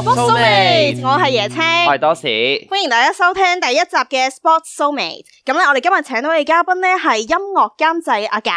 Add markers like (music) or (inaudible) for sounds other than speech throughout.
Sportunes，我係椰青，我係多士，歡迎大家收聽第一集嘅 Sportunes 咁咧，我哋今日請到嘅嘉賓咧係音樂監製阿簡。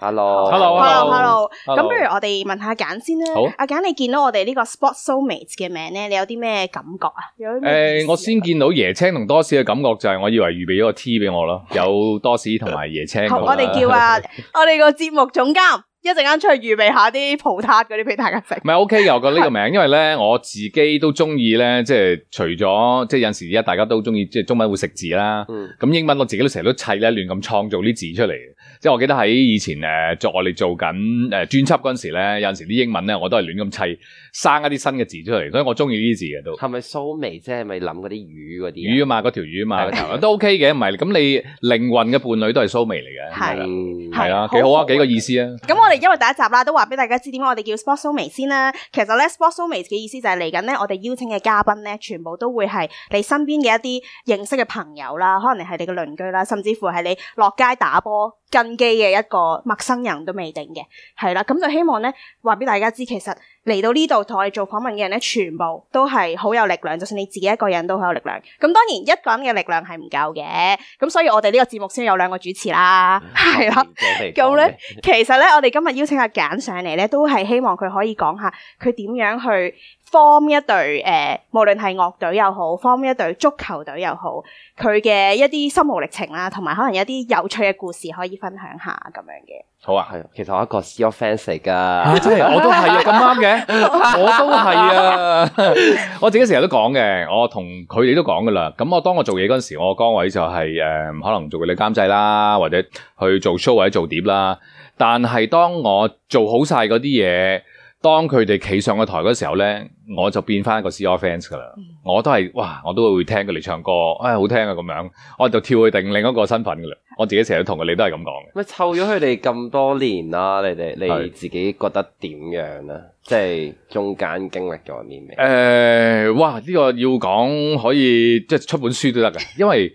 Hello，hello，hello，hello。咁不如我哋問下簡先啦。好，阿簡，你見到我哋呢個 Sportunes 嘅名咧，你有啲咩感覺啊？誒、呃，我先見到椰青同多士嘅感覺就係，我以為預備咗個 T 俾我咯，有多士同埋椰青。我哋叫啊， (laughs) 我哋個節目總監。一陣間出去預備下啲葡撻嗰啲俾大家食。唔係，OK，有個呢個名，因為咧我自己都中意咧，即係除咗即係有時而家大家都中意即係中文會食字啦。咁、嗯、英文我自己都成日都砌咧，亂咁創造啲字出嚟。即係我記得喺以前誒，在、呃、我哋做緊誒、呃、專輯嗰陣時咧，有陣時啲英文咧我都係亂咁砌，生一啲新嘅字出嚟，所以我鍾意呢啲字嘅都。係咪蘇眉即係咪諗嗰啲魚嗰啲？魚啊嘛，嗰條魚啊嘛的， (laughs) 都 OK 嘅，唔係。咁你靈魂嘅伴侶都係蘇眉嚟嘅，係係啊，幾的的好啊，好好幾個意思啊。咁我哋因為第一集啦，都話俾大家知點解我哋叫 Sports 蘇眉先啦。 (laughs) 其實咧，Sports 蘇眉嘅意思就係嚟緊咧，我哋邀請嘅嘉賓咧，全部都會係你身邊嘅一啲認識嘅朋友啦，可能你係你嘅鄰居啦，甚至乎係你落街打波跟。機嘅一個陌生人都未定嘅，係啦，咁就希望咧，話俾大家知，其實嚟到呢度同我哋做訪問嘅人咧，全部都係好有力量，就算你自己一個人都好有力量。咁當然，一個人嘅力量係唔夠嘅，咁所以我哋呢個節目先有兩個主持啦，係啦，嗯，咁咧的，其實咧，我哋今日邀請阿簡上嚟咧，都係希望佢可以講下佢點樣去。form 一隊誒、呃，無論係樂隊又好，form 一隊足球隊又好，佢嘅一啲心路歷程啦、啊，同埋可能有啲有趣嘅故事可以分享下咁樣嘅。好啊，係，其實我一個 soccer fan 嚟噶，真係我都係啊，咁啱嘅，我都係啊，我自己成日都講嘅，我同佢哋都講噶啦咁我當我做嘢嗰陣時，我崗位就係、是、誒、呃，可能做嘅你監製啦，或者去做 show 或者做碟啦。但係當我做好晒嗰啲嘢。.當佢哋企上個台嗰時候呢，我就變翻一個 C R fans 噶啦，嗯、我都係哇，我都會聽佢哋唱歌，唉，好聽啊咁樣，我就跳去定另一個身份噶啦。我自己成日同佢哋都係咁講嘅咪湊咗佢哋咁多年啦、啊，你哋你自己覺得點樣呢、啊？是即係中間經歷咗啲咩？誒、呃，哇！呢、這個要講可以即係出本書都得嘅，因為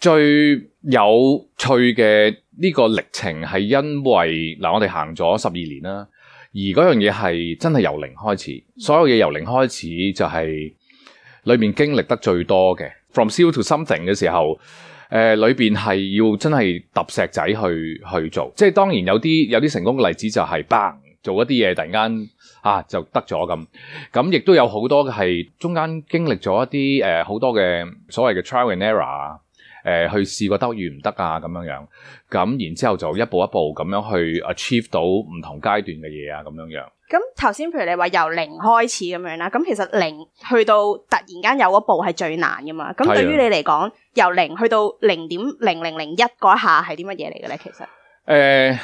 最有趣嘅呢個歷程係因為嗱、呃，我哋行咗十二年啦。而嗰樣嘢係真係由零開始，所有嘢由零開始就係裏面經歷得最多嘅。From zero to something 嘅時候，誒、呃、裏邊係要真係揼石仔去去做，即係當然有啲有啲成功嘅例子就係 bang 做一啲嘢突然間啊就得咗咁，咁亦都有好多嘅係中間經歷咗一啲誒好多嘅所謂嘅 trial and error 誒、呃，去試過得與唔得啊，咁樣樣，咁然之後就一步一步咁樣去 achieve 到唔同階段嘅嘢啊，咁樣樣。咁頭先譬如你話由零開始咁樣啦，咁其實零去到突然間有嗰步係最難噶嘛。咁對於你嚟講，是的 由零去到零點零零零一嗰一下係啲乜嘢嚟嘅咧？其實，誒、呃。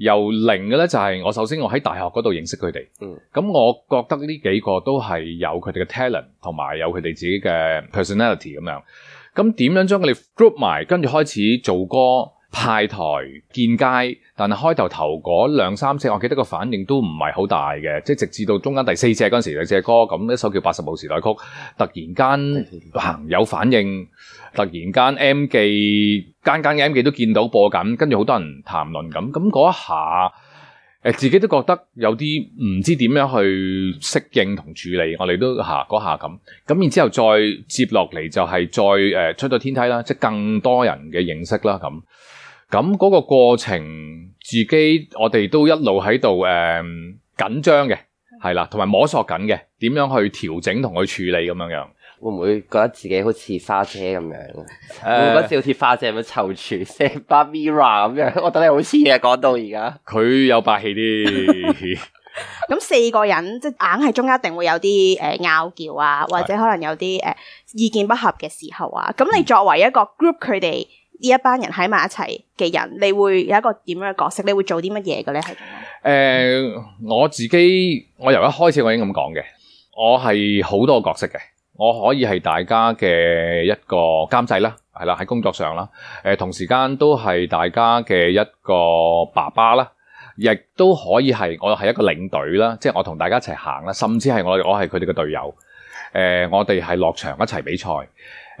由零嘅咧就係、是、我首先我喺大學嗰度認識佢哋，嗯，咁我覺得呢幾個都係有佢哋嘅 talent，同埋有佢哋自己嘅 personality 咁樣。咁點樣將佢哋 group 埋，跟住開始做歌？派台見街，但係開頭頭嗰兩三隻，我記得個反應都唔係好大嘅，即係直至到中間第四隻嗰時，有隻歌咁，一首叫《八十後時代曲》，突然間朋友有反應，突然間 M 記間間 M 記都見到播緊，跟住好多人談論咁，咁嗰下誒、呃、自己都覺得有啲唔知點樣去適應同處理，我哋都下嗰下咁，咁然之後再接落嚟就係再誒、呃、出到天梯啦，即係更多人嘅認識啦咁。咁嗰、嗰個過程，自己我哋都一路喺度誒緊張嘅，係啦，同埋摸索緊嘅，點樣去調整同佢處理咁樣樣，會唔會覺得自己好似、啊、花姐咁樣囚囚？會唔會好似花姐咁樣湊住四巴 MIRROR 咁樣？我睇你好似啊，講到而家，佢有霸氣啲。咁四個人即係硬係中間一定會有啲誒拗撬啊，呃呃、的或者可能有啲誒、呃、意見不合嘅時候啊。咁你作為一個 group，佢哋。呢一班人喺埋一齊嘅人，你會有一個點樣嘅角色？你會做啲乜嘢嘅咧？係誒、呃，我自己我由一開始我已經咁講嘅，我係好多角色嘅，我可以係大家嘅一個監製啦，係啦，喺工作上啦，誒、呃、同時間都係大家嘅一個爸爸啦，亦都可以係我係一個領隊啦，即係我同大家一齊行啦，甚至係我係我係佢哋嘅隊友，誒、呃、我哋係落場一齊比賽。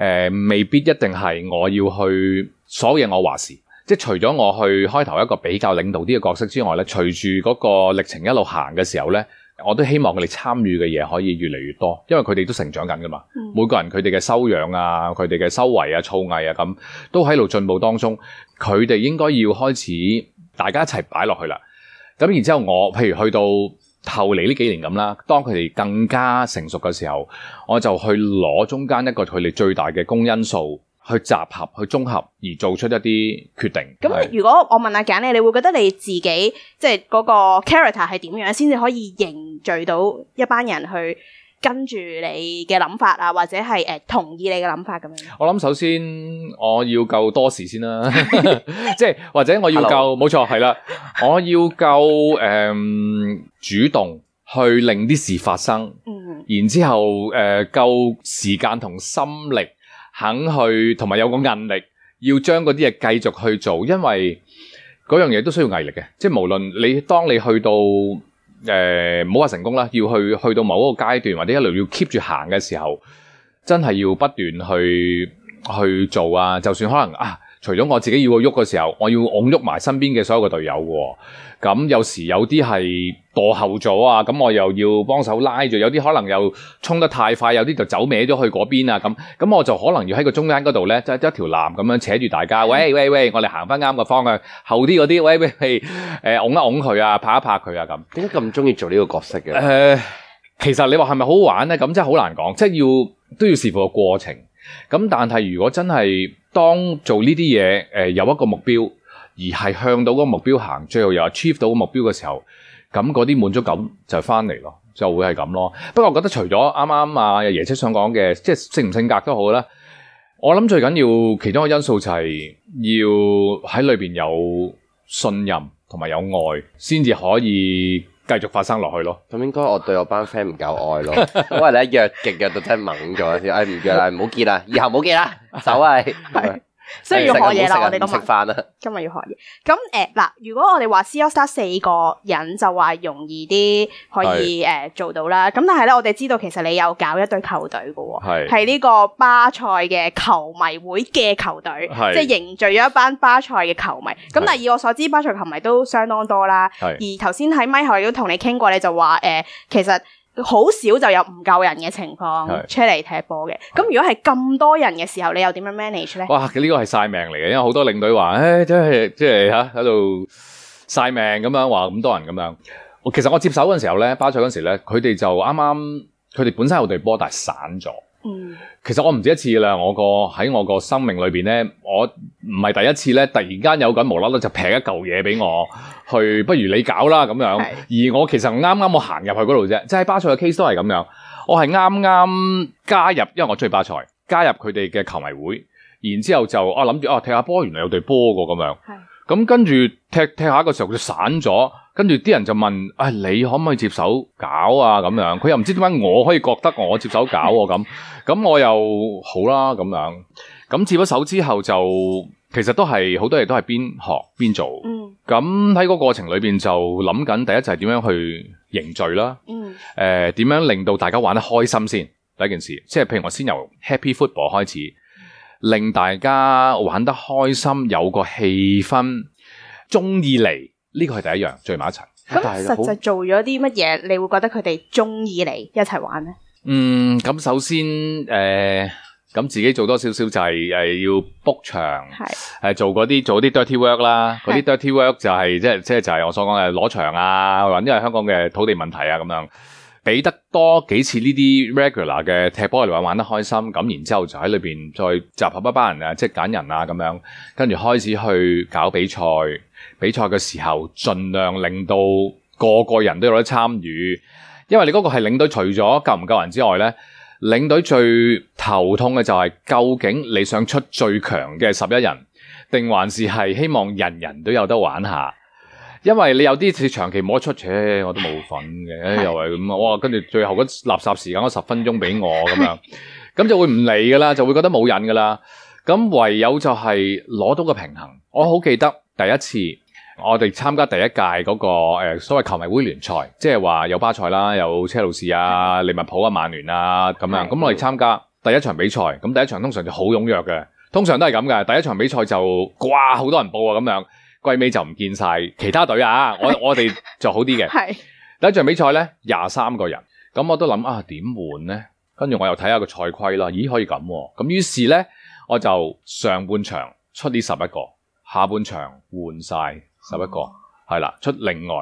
誒、呃、未必一定係我要去，所有嘢我話事，即係除咗我去開頭一個比較領導啲嘅角色之外呢，隨住嗰個歷程一路行嘅時候呢，我都希望佢哋參與嘅嘢可以越嚟越多，因為佢哋都成長緊噶嘛。嗯、每個人佢哋嘅修養啊、佢哋嘅修為啊、操藝啊咁，都喺度進步當中，佢哋應該要開始大家一齊擺落去啦。咁然之後我，我譬如去到。後嚟呢幾年咁啦，當佢哋更加成熟嘅時候，我就去攞中間一個佢哋最大嘅公因數去集合、去綜合而做出一啲決定。咁、嗯、是如果我問阿簡咧，你會覺得你自己即係嗰個 character 係點樣先至可以凝聚到一班人去？跟住你嘅諗法啊，或者係誒同意你嘅諗法咁樣。我諗首先，我要夠多時先啦，即係或者我要夠，冇錯，係啦，我要夠誒主動去令啲事發生，然之後誒夠時間同心力肯去，同埋有個韌力要將嗰啲嘢繼續去做，因為嗰樣嘢都需要毅力嘅，即係無論你當你去到。誒唔好話成功啦，要去去到某一個階段或者一路要 keep 住行嘅時候，真係要不斷去去做啊！就算可能啊。除咗我自己要喐嘅時候，我要㧬喐埋身邊嘅所有嘅隊友嘅。咁有時有啲係墮後咗啊，咁我又要幫手拉住，有啲可能又衝得太快，有啲就走歪咗去嗰邊啊，咁咁我就可能要喺個中間嗰度咧，即一條纜咁樣扯住大家，喂喂喂，我哋行翻啱個方向，後啲嗰啲喂喂誒，㧬一㧬佢啊，拍一拍佢啊，咁點解咁中意做呢個角色嘅？誒、呃，其實你話係咪好好玩咧？咁真係好難講，即係要都要視乎個過程。咁但係如果真係，當做呢啲嘢，誒、呃、有一個目標，而係向到嗰個目標行，最後又 achieve 到個目標嘅時候，咁嗰啲滿足感就翻嚟咯，就會係咁咯。不過我覺得除咗啱啱啊椰青想講嘅，即係性唔性格都好啦，我諗最緊要其中一個因素就係要喺裏邊有信任同埋有愛，先至可以，繼續發生落去咯，咁應該我對我班 friend 唔夠愛咯，因為 (laughs) 你約極約到真係掹咗線，誒、唔約啦，唔好見啦，以後唔好見啦，走啊！ (laughs) 哎所以要學嘢啦，我哋都食飯啦。今日要學嘢。咁誒，嗱、呃，如果我哋話 C AllStar 四個人就話容易啲，可以誒是、呃、做到啦。咁但係咧，我哋知道其實你有搞一隊球隊嘅喎，係呢是個巴塞嘅球迷會嘅球隊，是即係凝聚咗一班巴塞嘅球迷。咁是但係以我所知，巴塞球迷都相當多啦。是而頭先喺咪 i 都同你傾過咧，你就話誒、呃，其實。好少就有唔夠人嘅情況的出嚟踢波嘅，咁的如果係咁多人嘅時候，你又點樣 manage 咧？哇！呢個係晒命嚟嘅，因為好多領隊話，唉、哎，真係即係吓喺度晒命咁樣話咁多人咁樣。其實我接手嗰陣時候咧，巴塞嗰陣時咧，佢哋就啱啱佢哋本身有隊波，但係散咗。嗯，其實我唔止一次啦，我個喺我個生命裏邊呢，我唔係第一次呢。突然間有緊無啦啦就劈一嚿嘢俾我，是去不如你搞啦咁樣。是而我其實啱啱我行入去嗰度啫，即係巴塞嘅 case 都係咁樣，我係啱啱加入，因為我中意巴塞，加入佢哋嘅球迷會，然之後就我諗住哦踢下波，原來有隊波嘅咁樣。咁跟住踢踢下個時候，佢散咗。跟住啲人就問，啊、哎，你可唔可以接手搞啊？咁樣，佢又唔知點解我可以覺得我接手搞我，啊、咁，咁 (laughs) 我又好啦。咁樣，咁、嗯、接咗手之後，就，就其實都係好多嘢都係邊學邊做。嗯。咁喺、嗯、個過程裏邊就諗緊，第一就係，是、點樣去凝聚啦。嗯。誒、呃，點樣令到大家玩得開心先？第一件事，即係譬如我先由 Happy Football 開始。令大家玩得開心，有個氣氛，中意嚟，呢個係第一樣，聚埋一齊。咁實際做咗啲乜嘢，你會覺得佢哋中意嚟一齊玩呢？嗯，咁首先誒，咁自己做多少少就係誒要 book 場，係誒做嗰啲做啲 dirty work 啦，嗰啲 dirty work 就係即係即係就係我所講嘅攞場啊，或者係香港嘅土地問題啊咁樣。畀得多幾次呢啲 regular 嘅踢波嚟玩，玩得開心咁，然之後就喺裏邊再集合一班人啊，即係揀人啊咁樣，跟住開始去搞比賽。比賽嘅時候，盡量令到個個人都有得參與，因為你嗰個係領隊，除咗夠唔夠人之外呢，領隊最頭痛嘅就係究竟你想出最強嘅十一人，定還是係希望人人都有得玩下？因為你有啲似長期冇得出車，誒、欸，我都冇份嘅、欸，又係咁啊！哇，跟住最後垃圾時間嗰十分鐘俾我咁樣，咁就會唔理噶啦，就會覺得冇癮噶啦。咁唯有就係攞到個平衡。我好記得第一次我哋參加第一屆嗰、那個、呃、所謂球迷會聯賽，即係話有巴塞啦，有車路士啊、是的 利物浦啊、曼聯啊咁樣。咁我哋參加第一場比賽，咁第一場通常就好踴躍嘅，通常都係咁嘅。第一場比賽就哇好多人報啊咁樣。季尾就唔見晒其他隊啊！ (laughs) 我我哋就好啲嘅。係 (laughs) 是第一場比賽呢，廿三個人，咁我都諗啊，點換呢？跟住我又睇下個賽規啦。咦，可以咁咁、啊，於是呢，我就上半場出呢十一個，下半場換晒十一個，係啦， (laughs) 出另外。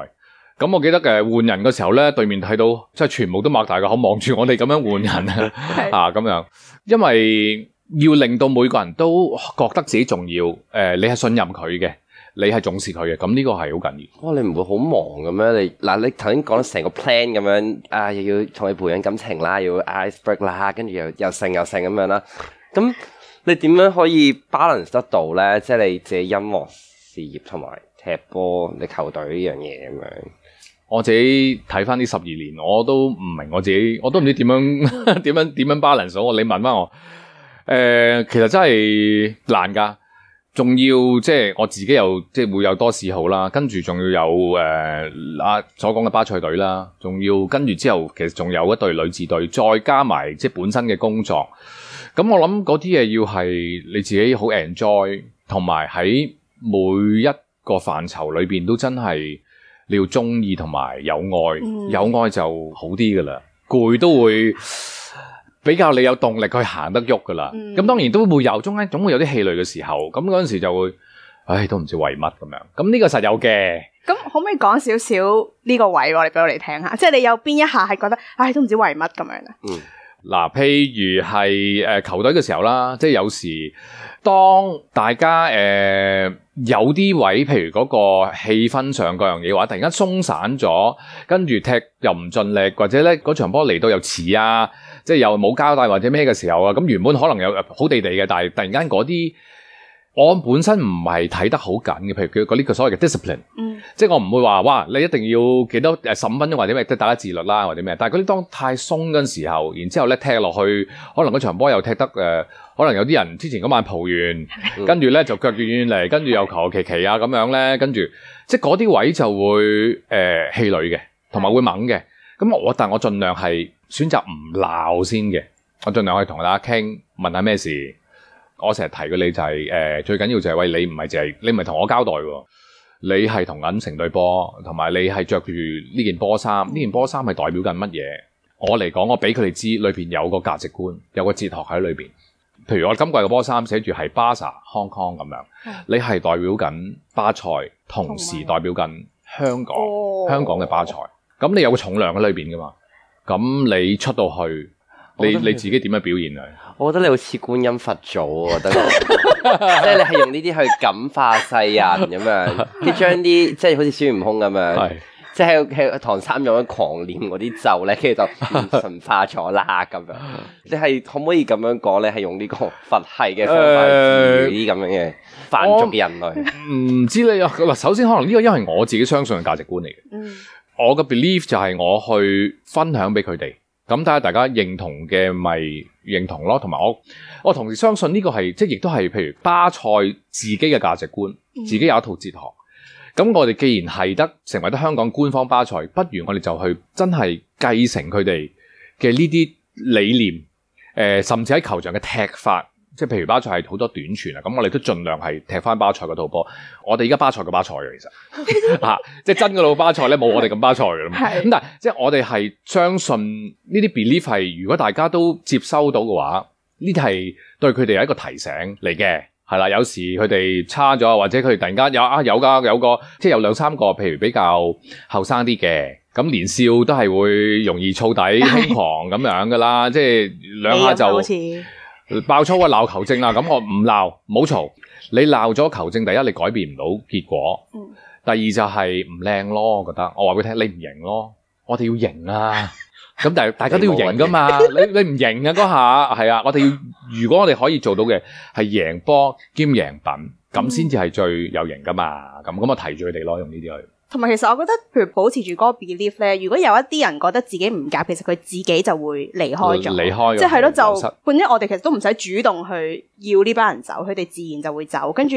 咁我記得誒換人嘅時候呢，對面睇到即係全部都擘大個口望住我哋咁樣換人 (laughs) 是 (laughs) 啊！啊咁樣，因為要令到每個人都覺得自己重要，誒、呃、你係信任佢嘅。你係重視佢嘅，咁呢個係好緊要。哇、哦！你唔會好忙嘅咩？你嗱、啊，你頭先講咗成個 plan 咁樣，啊，又要同你培養感情啦，又要 ice break 啦，跟住又又勝又勝咁樣啦。咁你點樣可以 balance 得到咧？即係你自己音樂事業同埋踢波、你球隊呢樣嘢咁樣。我自己睇翻呢十二年，我都唔明我自己，我都唔知點樣點 (laughs) 樣點樣 balance 到。你問翻我，誒、呃，其實真係難㗎。仲要即係我自己又即係會有多嗜好啦，跟住仲要有誒阿、呃、所講嘅巴塞隊啦，仲要跟住之後其實仲有一隊女子隊，再加埋即係本身嘅工作，咁我諗嗰啲嘢要係你自己好 enjoy，同埋喺每一個範疇裏邊都真係你要中意同埋有愛，嗯、有愛就好啲噶啦，攰都會。比較你有動力去行得喐㗎喇，咁當然都會有，中間總會有啲氣餒嘅時候，咁嗰陣時就會，唉，都唔知為乜咁樣，咁呢個實有嘅。咁可唔可以講少少呢個位我哋俾我哋聽下？即係你有邊一下係覺得，唉，都唔知為乜咁樣啊？嗱，譬如係誒球隊嘅時候啦，即係有時當大家誒有啲位，譬如嗰個氣氛上各樣嘢話，突然間鬆散咗，跟住踢又唔盡力，或者咧嗰場波嚟到又遲啊！即係又冇交代或者咩嘅時候啊？咁原本可能有好地地嘅，但係突然間嗰啲，我本身唔係睇得好緊嘅。譬如佢嗰啲個所謂嘅 discipline，、嗯、即係我唔會話哇，你一定要幾多誒十五分鐘或者咩，即係大家自律啦或者咩。但係嗰啲當太鬆嗰陣時候，然之後咧踢落去，可能嗰場波又踢得誒、呃，可能有啲人之前嗰晚蒲完，跟住咧、嗯、就腳軟軟嚟，跟住又求求其其啊咁樣咧，跟住即係嗰啲位就會誒氣餒嘅，同、呃、埋會猛嘅。咁我但係我儘量係。選擇唔鬧先嘅，我盡量可以同大家傾，問下咩事。我成日提嘅你就係、是、誒、呃，最緊要就係喂，你唔係淨係你唔係同我交代喎，你係同緊成對波，同埋你係着住呢件波衫，呢件波衫係代表緊乜嘢？我嚟講，我俾佢哋知，裏邊有個價值觀，有個哲學喺裏邊。譬如我今季嘅波衫寫住係巴薩 Hong Kong 咁樣，你係代表緊巴塞，同時代表緊香港樣香港嘅巴塞。咁、哦、你有個重量喺裏邊噶嘛？咁你出到去，你你自己點樣表現啊？我覺得你好似觀音佛祖啊，我覺得我 (laughs) 即係你係用呢啲去感化世人咁樣， (laughs) 將即係將啲即係好似孫悟空咁樣，是即係喺唐三藏咁樣狂念嗰啲咒咧，跟住就神化咗啦咁樣。即係 (laughs) 可唔可以咁樣講咧？係用呢個佛系嘅方法治癒啲咁樣嘅犯錯人類？唔、嗯、知你嗱，首先可能呢個因為我自己相信嘅價值觀嚟嘅。嗯我嘅 belief 就係我去分享俾佢哋，咁睇下大家認同嘅咪認同咯。同埋我，我同時相信呢個係即係亦都係譬如巴塞自己嘅價值觀，自己有一套哲學，咁我哋既然係得成為咗香港官方巴塞，不如我哋就去真係繼承佢哋嘅呢啲理念，誒、呃，甚至喺球場嘅踢法。即係譬如巴塞係好多短傳啊，咁我哋都盡量係踢翻巴塞嘅套波。我哋而家巴塞嘅巴塞嘅，其實嚇，即係真嘅老巴塞咧，冇我哋咁巴塞嘅。咁但係即係我哋係相信呢啲 belief 係，如果大家都接收到嘅話，呢啲係對佢哋有一個提醒嚟嘅。係啦，有時佢哋差咗，或者佢哋突然間有啊有㗎，有個即係有兩三個，譬如比較後生啲嘅，咁年少都係會容易燥底、輕狂咁樣㗎啦。 (laughs) 即係兩下就。爆粗啊！鬧球證啦！咁我唔鬧，唔好嘈。你鬧咗球證，第一你改變唔到結果，第二就係唔靚咯。我覺得我話俾你聽，你唔型咯，我哋要型啊！咁但係大家都要型噶嘛？你你唔型啊？嗰下係啊！我哋要如果我哋可以做到嘅係贏波兼贏品，咁先至係最有型噶嘛？咁咁我提住佢哋咯，用呢啲去。同埋，其實我覺得，譬如保持住嗰個 belief 咧，如果有一啲人覺得自己唔夾，其實佢自己就會離開咗，開即係係咯，就，本身我哋其實都唔使主動去要呢班人走，佢哋自然就會走。跟住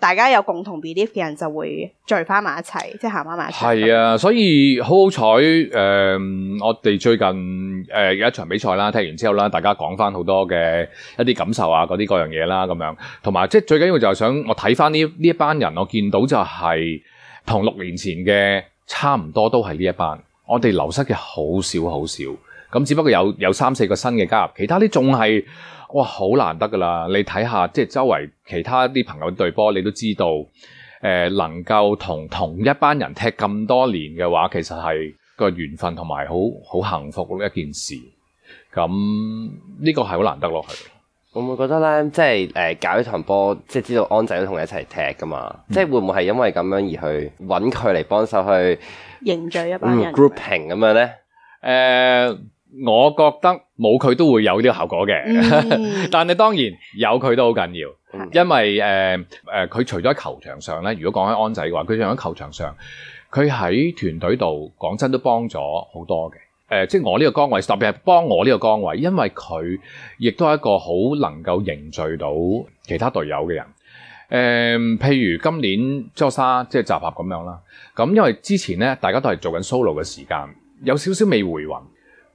大家有共同 belief 嘅人就會聚翻埋一齊，即係行翻埋一齊。係啊，所以好好彩誒，我哋最近誒、呃、有一場比賽啦，踢完之後啦，大家講翻好多嘅一啲感受啊，嗰啲各樣嘢啦，啊，咁樣，同埋即係最緊要就係想我睇翻呢呢一班人，我見到就係、是。同六年前嘅差唔多，都係呢一班。我哋流失嘅好少好少，咁只不過有有三四個新嘅加入，其他啲仲係哇，好難得噶啦。你睇下，即係周圍其他啲朋友對波，你都知道誒、呃、能夠同同一班人踢咁多年嘅話，其實係個緣分同埋好好幸福一件事。咁呢個係好難得落去。會唔會覺得呢，即係誒、呃，搞呢堂波，即係知道安仔都同佢一齊踢噶嘛？嗯、即係會唔會係因為咁樣而去揾佢嚟幫手去凝聚一班人？grouping 咁樣呢，誒、呃，我覺得冇佢都會有呢個效果嘅，嗯、 (laughs) 但係當然有佢都好緊要，嗯、因為誒誒，佢、呃、除咗喺球場上呢，如果講緊安仔嘅話，佢仲喺球場上，佢喺團隊度講真都幫咗好多嘅。誒、呃，即係我呢個崗位，特別係幫我呢個崗位，因為佢亦都係一個好能夠凝聚到其他隊友嘅人。誒、呃，譬如今年 Jo 莎即係集合咁樣啦。咁因為之前呢，大家都係做緊 solo 嘅時間，有少少未回魂。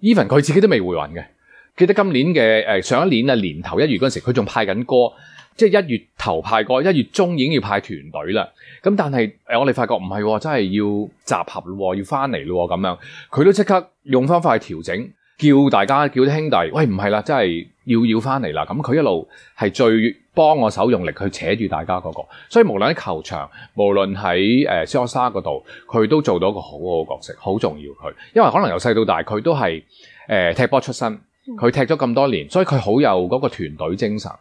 Even 佢自己都未回魂嘅。記得今年嘅誒、呃，上一年啊年頭一月嗰陣時，佢仲派緊歌。即係一月頭派過，一月中已經要派團隊啦。咁但係，我哋發覺唔係、喎，真係要集合咯，要翻嚟咯咁樣。佢都即刻用方法去調整，叫大家，叫啲兄弟，喂，唔係啦，真係要要翻嚟啦。咁佢一路係最幫我手用力去扯住大家嗰、嗰個。所以無論喺球場，無論喺誒、呃、沙沙嗰度，佢都做到一個好好嘅角色，好重要。佢因為可能由細到大，佢都係誒、呃、踢波出身，佢踢咗咁多年，所以佢好有嗰個團隊精神。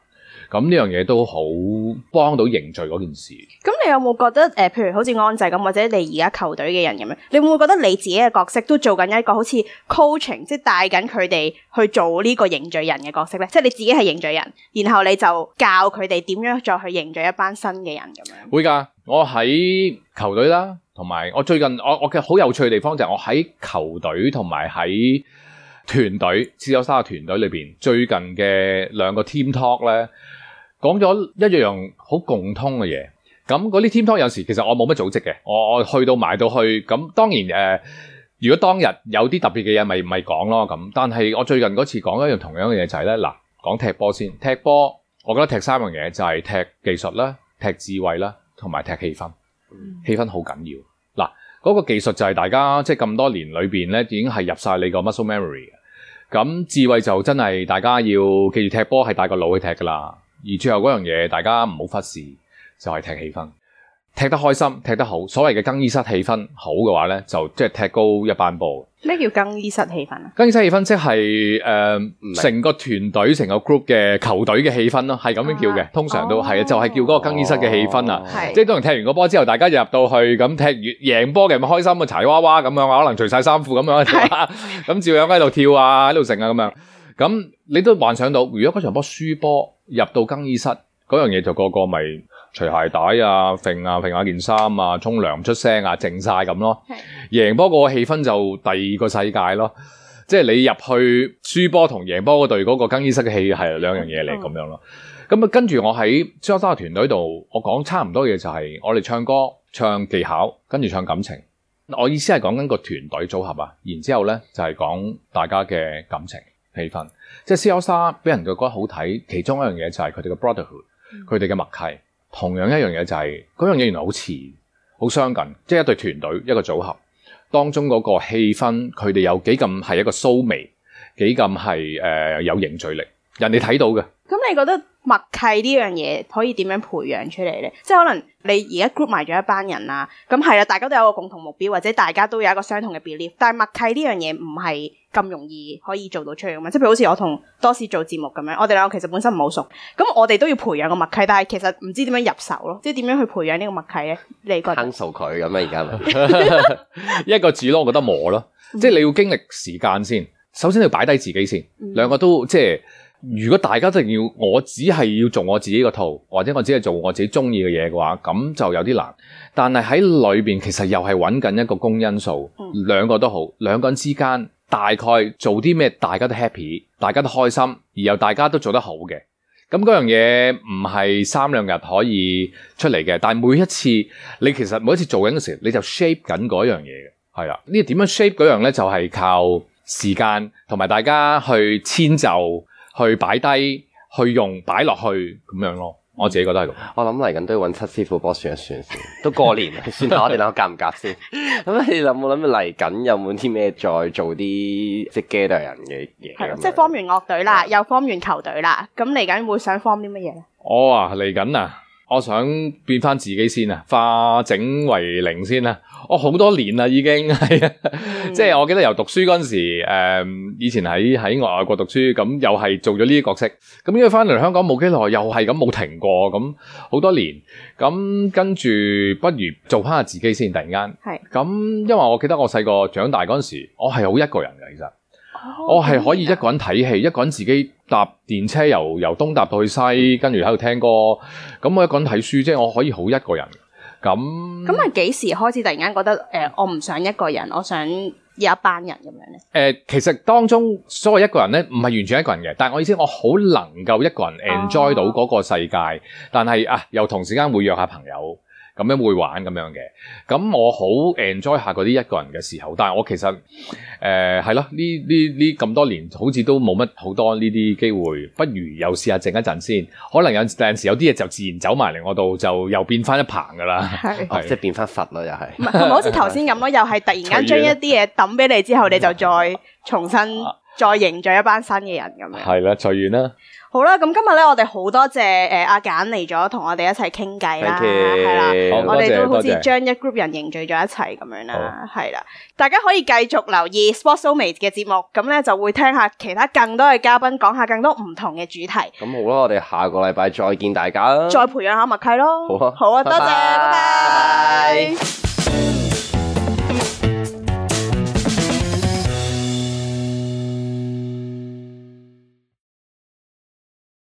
咁呢樣嘢都好幫到凝聚嗰件事。咁你有冇覺得誒、呃，譬如好似安仔咁，或者你而家球隊嘅人咁樣，你會唔會覺得你自己嘅角色都做緊一個好似 coaching，即係帶緊佢哋去做呢個凝聚人嘅角色呢？即係你自己係凝聚人，然後你就教佢哋點樣再去凝聚一班新嘅人咁樣。會㗎，我喺球隊啦，同埋我最近我我嘅好有趣嘅地方就係我喺球隊同埋喺團隊，C AllStar 嘅團隊裏邊，最近嘅兩個 team talk 呢，講咗一樣好共通嘅嘢。咁嗰啲天 e 有時其實我冇乜組織嘅，我我去到埋到去咁，當然誒、呃，如果當日有啲特別嘅嘢，咪咪講咯咁。但係我最近嗰次講一樣同樣嘅嘢就係咧嗱，講踢波先，踢波我覺得踢三樣嘢就係、是、踢技術啦，踢智慧啦，同埋踢氣氛，氣氛好緊要嗱。嗰、嗯那個技術就係大家即係咁多年裏邊咧，已經係入晒你個 muscle memory。咁智慧就真係大家要記住踢波係帶個腦去踢㗎啦。而最後嗰樣嘢，大家唔好忽視，就係、是、踢氣氛，踢得開心，踢得好。所謂嘅更衣室氣氛好嘅話呢，就即係踢高一班波。咩叫更衣室氣氛啊？更衣室氣氛即係誒成個團隊、成個 group 嘅球隊嘅氣氛咯，係咁樣叫嘅。嗯啊、通常都係，哦、就係叫嗰個更衣室嘅氣氛啊。哦、即係當人踢完個波之後，大家入到去咁踢完贏波，嘅，咪開心啊，柴娃娃咁樣，可能除晒衫褲咁樣，咁照樣喺度跳啊，喺度成啊咁樣。咁你都幻想到，如果嗰場波輸波入到更衣室嗰樣嘢，就個個咪除鞋帶啊，揈啊，揈下件衫啊，沖涼唔出聲啊，靜晒咁咯。係贏波個氣氛就第二個世界咯，即係你入去輸波同贏波嗰隊嗰個更衣室嘅氣係兩樣嘢嚟，咁樣咯。咁啊的，跟住我喺專業音樂團隊度，我講差唔多嘢就係我哋唱歌唱技巧，跟住唱感情。我意思係講緊個團隊組合啊，然之後咧就係、是、講大家嘅感情。氣氛，即係 C AllStar 俾人覺得好睇，其中一樣嘢就係佢哋嘅 brotherhood，佢哋嘅默契。同樣一樣嘢就係、係、嗰樣嘢原來好似、好相近，即係一隊團隊、一個組合當中嗰個氣氛，佢哋有幾咁係一個騷味，幾咁係誒有凝聚力，人哋睇到嘅。咁你覺得？默契呢樣嘢可以點樣培養出嚟呢？即係可能你而家 group 埋咗一班人啊，咁係啊，大家都有個共同目標，或者大家都有一個相同嘅 belief。但係默契呢樣嘢唔係咁容易可以做到出去嘅嘛？即係譬如好似我同多士做節目咁樣，我哋兩個其實本身唔好熟，咁我哋都要培養個默契。但係其實唔知點樣入手咯，即係點樣去培養呢個默契呢？你個 c a n 佢咁啊？而家一個字咯，我覺得磨咯，即係你要經歷時間先，首先你要擺低自己先，兩個都即係。如果大家都要，我只係要做我自己個套，或者我只係做我自己中意嘅嘢嘅話，咁就有啲難。但係喺裏邊其實又係揾緊一個公因素，嗯、兩個都好，兩個人之間大概做啲咩，大家都 happy，大家都開心，而又大家都做得好嘅。咁嗰樣嘢唔係三兩日可以出嚟嘅。但係每一次你其實每一次做緊嘅時候，你就 shape 緊嗰樣嘢嘅。係啦，呢點樣 shape 嗰樣呢，就係、是、靠時間同埋大家去遷就。去擺低，去用，擺落去咁樣咯。我自己覺得係咁、嗯。我諗嚟緊都要揾七師傅幫算一算先。 (laughs) 都過年，先睇下我哋兩個夾唔夾先。咁、 (laughs) 嗯、你哋諗冇諗住嚟緊有冇啲咩再做啲即係 gather 人嘅嘢？係咯，即係 form 完樂隊啦，又 form 完球隊啦。咁嚟緊會想 form 啲乜嘢咧？我啊嚟緊啊！我想變翻自己先啊，化整為零先啦、啊。我好多年啦，已經係，即 (laughs) 係我記得由讀書嗰陣時，誒、嗯，以前喺喺外國讀書，咁又係做咗呢啲角色。咁、嗯、因為翻嚟香港冇幾耐，又係咁冇停過，咁、嗯、好多年。咁、嗯、跟住不如做翻下自己先。突然間，係是。咁、嗯、因為我記得我細個長大嗰陣時，我係好一個人嘅，其實，oh, 我係可以一個人睇戲，okay. 一個人自己。搭電車由由東搭到去西，跟住喺度聽歌，咁我一個人睇書，即係我可以好一個人。咁咁係幾時開始突然間覺得誒、呃，我唔想一個人，我想有一班人咁樣咧？誒、呃，其實當中所謂一個人咧，唔係完全一個人嘅，但係我意思，我好能夠一個人 enjoy 到嗰個世界，啊、但係啊，又同時間會約下朋友。咁樣會玩咁樣嘅，咁我好 enjoy 下嗰啲一個人嘅時候。但係我其實誒係咯，呢呢呢咁多年好似都冇乜好多呢啲機會，不如又試下靜一陣先。可能有有陣時有啲嘢就自然走埋嚟我度，就又變翻一棚噶啦，即係變翻佛咯又係。唔係，好似頭先咁咯，又係 (laughs) 突然間將一啲嘢抌俾你之後，你就再重新。 (laughs) 再凝聚一班新嘅人咁樣，係啦，隨緣啦。好啦，咁今日咧，我哋、呃、好，我好多謝誒阿簡嚟咗同我哋一齊傾偈啦，係啦好，我哋都好似將一 group 人凝聚咗一齊咁樣啦，係啦，大家可以繼續留意 Sportsoho 嘅節目，咁咧就會聽下其他更多嘅嘉賓講下更多唔同嘅主題。咁好啦，我哋下個禮拜再見大家啦，再培養下默契咯，好啊，好啊，好啊，多謝，拜拜。拜拜。